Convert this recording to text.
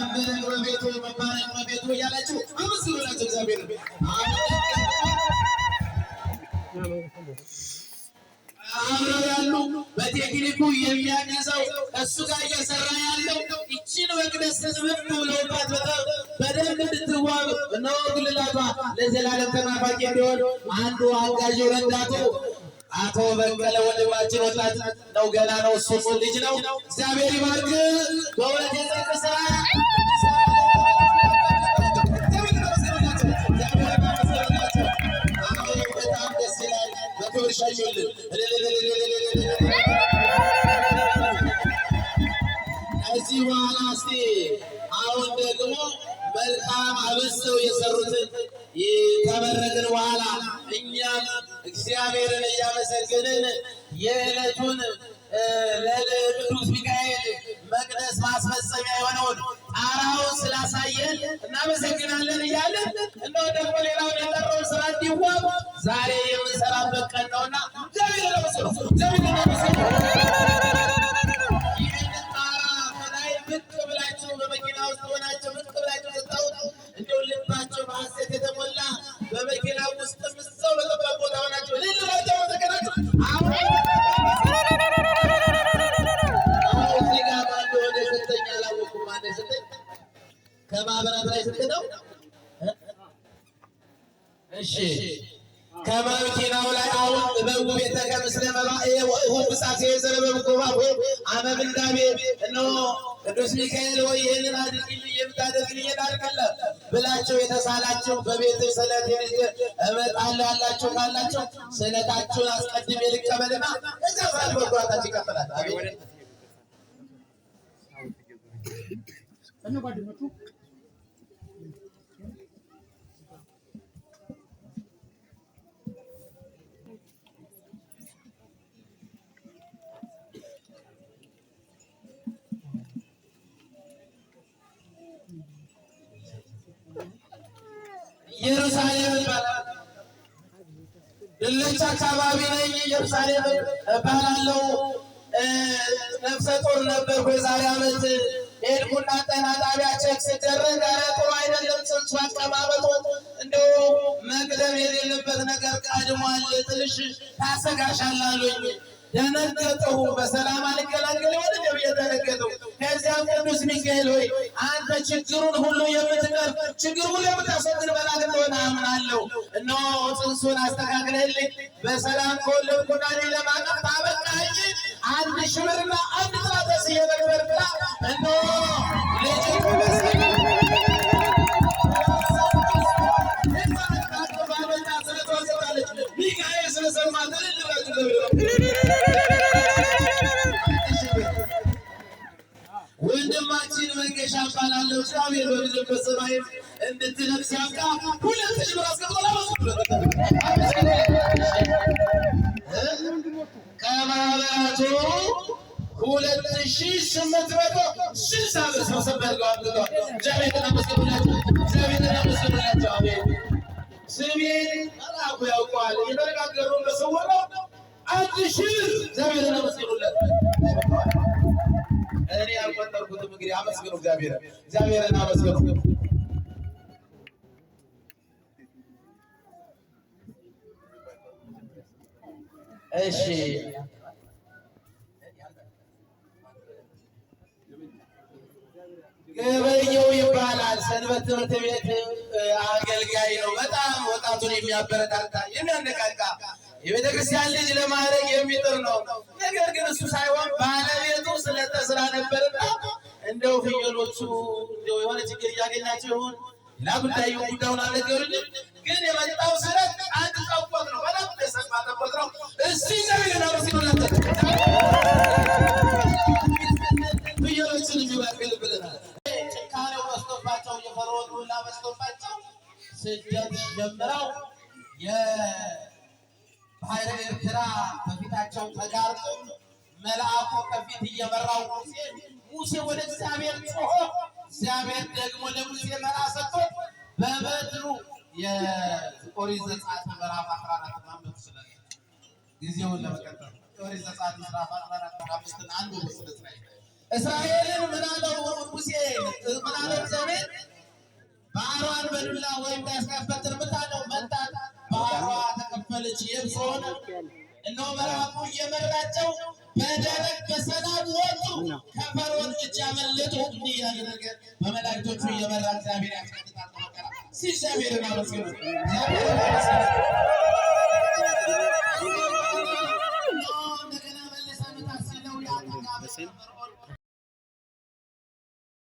ከበደ ጎረቤቱ መባረክ መቤቱ እያላችሁ አመስግኑ ናቸው እግዚአብሔር አብረው ያሉ በቴክኒኩ የሚያነሳው እሱ ጋር እየሰራ ያለው እችን መቅደስ ጽብብ ብለውባት በደንብ እንድትዋብ እነሆ ግልላቷ ለዘላለም ተናፋቂ እንዲሆን አንዱ አጋዥ ረዳቱ አቶ በቀለ ወንድማችን ወጣት ነው፣ ገና ነው፣ እሱ ልጅ ነው። እግዚአብሔር ይባርክ። በእውነት የጽድቅ ስራ ይመልስልን። ከዚህ በኋላ እስቲ አሁን ደግሞ መልካም አበሰው የሰሩትን የተመረቅን በኋላ እኛም እግዚአብሔርን እያመሰገንን የዕለቱን ለቅዱስ ሚካኤል መቅደስ ማስፈጸሚያ የሆነውን ጣራውን ስላሳየን እናመሰግናለን እያለን እንደው ደግሞ ሌላውን የጠራውን ስራ እንዲዋብ ዛሬ የምንሰራበት ቀን ነውና እግዚአብሔር ነው ምስሉ እግዚአብሔር ነው። እሺ ከማዊኪናው ላይ አሁን በጉ ቤተከ ምስለ መባኤ ወእሁድ ብጻሴ የዘረበብ ጎባብ አመብንዳቤ እነሆ ቅዱስ ሚካኤል ወይ ይህንን አድርግልኝ የምታደርግልኝ አድርግለ ብላቸው የተሳላቸው በቤት ስለት እመጣለሁ ያላቸው ካላቸው ስለታችሁን አስቀድሜ ልቀበልና እዚያ ሰዓት መጓታች ይቀበላል። ኢየሩሳሌም ይባላል። ድልች አካባቢ ነኝ ኢየሩሳሌም እባላለሁ። ነፍሰ ጡር ነበርኩ። የዛሬ ዓመት ሄድኩና ጤና ጣቢያ ቼክ ስደረግ ኧረ ጥሩ አይደለም፣ ጽንሱ አቀማመጡ እንደው መቅደም የሌለበት ነገር ቀድሟል፣ ትንሽ ታሰጋሻል ደነገጠሁ። በሰላም አልገላገል ቅዱስ ሚካኤል ሆይ አንተ ችግሩን ሁሉ የምትቀርፍ ችግር ሁሉ የምታስወግድ መልአክ እንደሆነ አምናለሁ። እነሆ ጽንሱን አስተካክለልኝ በሰላም ከወለድኩና ለማቀፍ ታበቃኝ። አንድ አንድ ጥራተስ እየበርበርና ልጅ ሚካኤል ስለሰማ ትልልራችሁ እግዚአብሔር በምድርበት ሰማይም እንድትነፍስ ያብቃ። ሁለት ሺህ ብር አስቀምጦ ሁለት ሺህ ስምንት መቶ ስልሳ ብር ሰብሰብ ስሜን አላኩ ያውቀዋል። እየተነጋገሩ በሰወረው አንድ ሺህ እግዚአብሔር ተመስገኑላቸው። እግዚአብሔር እግዚአብሔርን አመስግኑ። እሺ ገበየው ይባላል። ሰንበት ትምህርት ቤት አገልጋይ ነው። በጣም ወጣቱን የሚያበረታታ የሚያነቃቃ የቤተክርስቲያን ልጅ ለማድረግ የሚጥር ነው። ነገር ግን እሱ ሳይሆን ባለቤቱ ስለተስራ ነበርና እንደው ፍየሎቹ እንደው የሆነ ችግር እያገኛቸው ይሆን ላጉዳዩ ጉዳዩን አልነገሩኝም። ግን የመጣው ስረት አንድ ጠቦት ነው። በጣም ደሰማ ጠቦት ነው። እስቲ ነብይናሩ ሲሆናተ ፍየሎችን የሚበቅል ብለናል። ጭካኔው በዝቶባቸው የፈርዖን ዱላ በዝቶባቸው ስደት ጀምረው የባህረ ኤርትራ በፊታቸው ተጋርጦ መልአኩ ከፊት እየመራው ሙሴ ሙሴ ወደ እግዚአብሔር ጮሆ እግዚአብሔር ደግሞ ለሙሴ መራ ሰጥቶ በበድሩ የኦሪት ዘጸአት ምዕራፍ አስራ አራት ማንበብ ትችላለህ። ጊዜውን ለመቀጠል የኦሪት ዘጸአት ምዕራፍ አስራ አራት አምስትን አንዱ ስለ እስራኤልን ምናለው ሙሴ ምናለው እግዚአብሔር ባህሯን በዱላ ወይም ያስከፈት ትርምታ ነው መጣት ባህሯ ተከፈለች። ይህም ሆነ እነሆ መልአኩ እየመራቸው በደረቅ በሰላም ወጡ፣ ከፈርዖን እጅ አመለጡ እያለ ነገር በመላእክቶቹ እየመራ እግዚአብሔር ያስቀጣል። ሲሻ እግዚአብሔርን አመስግኑ።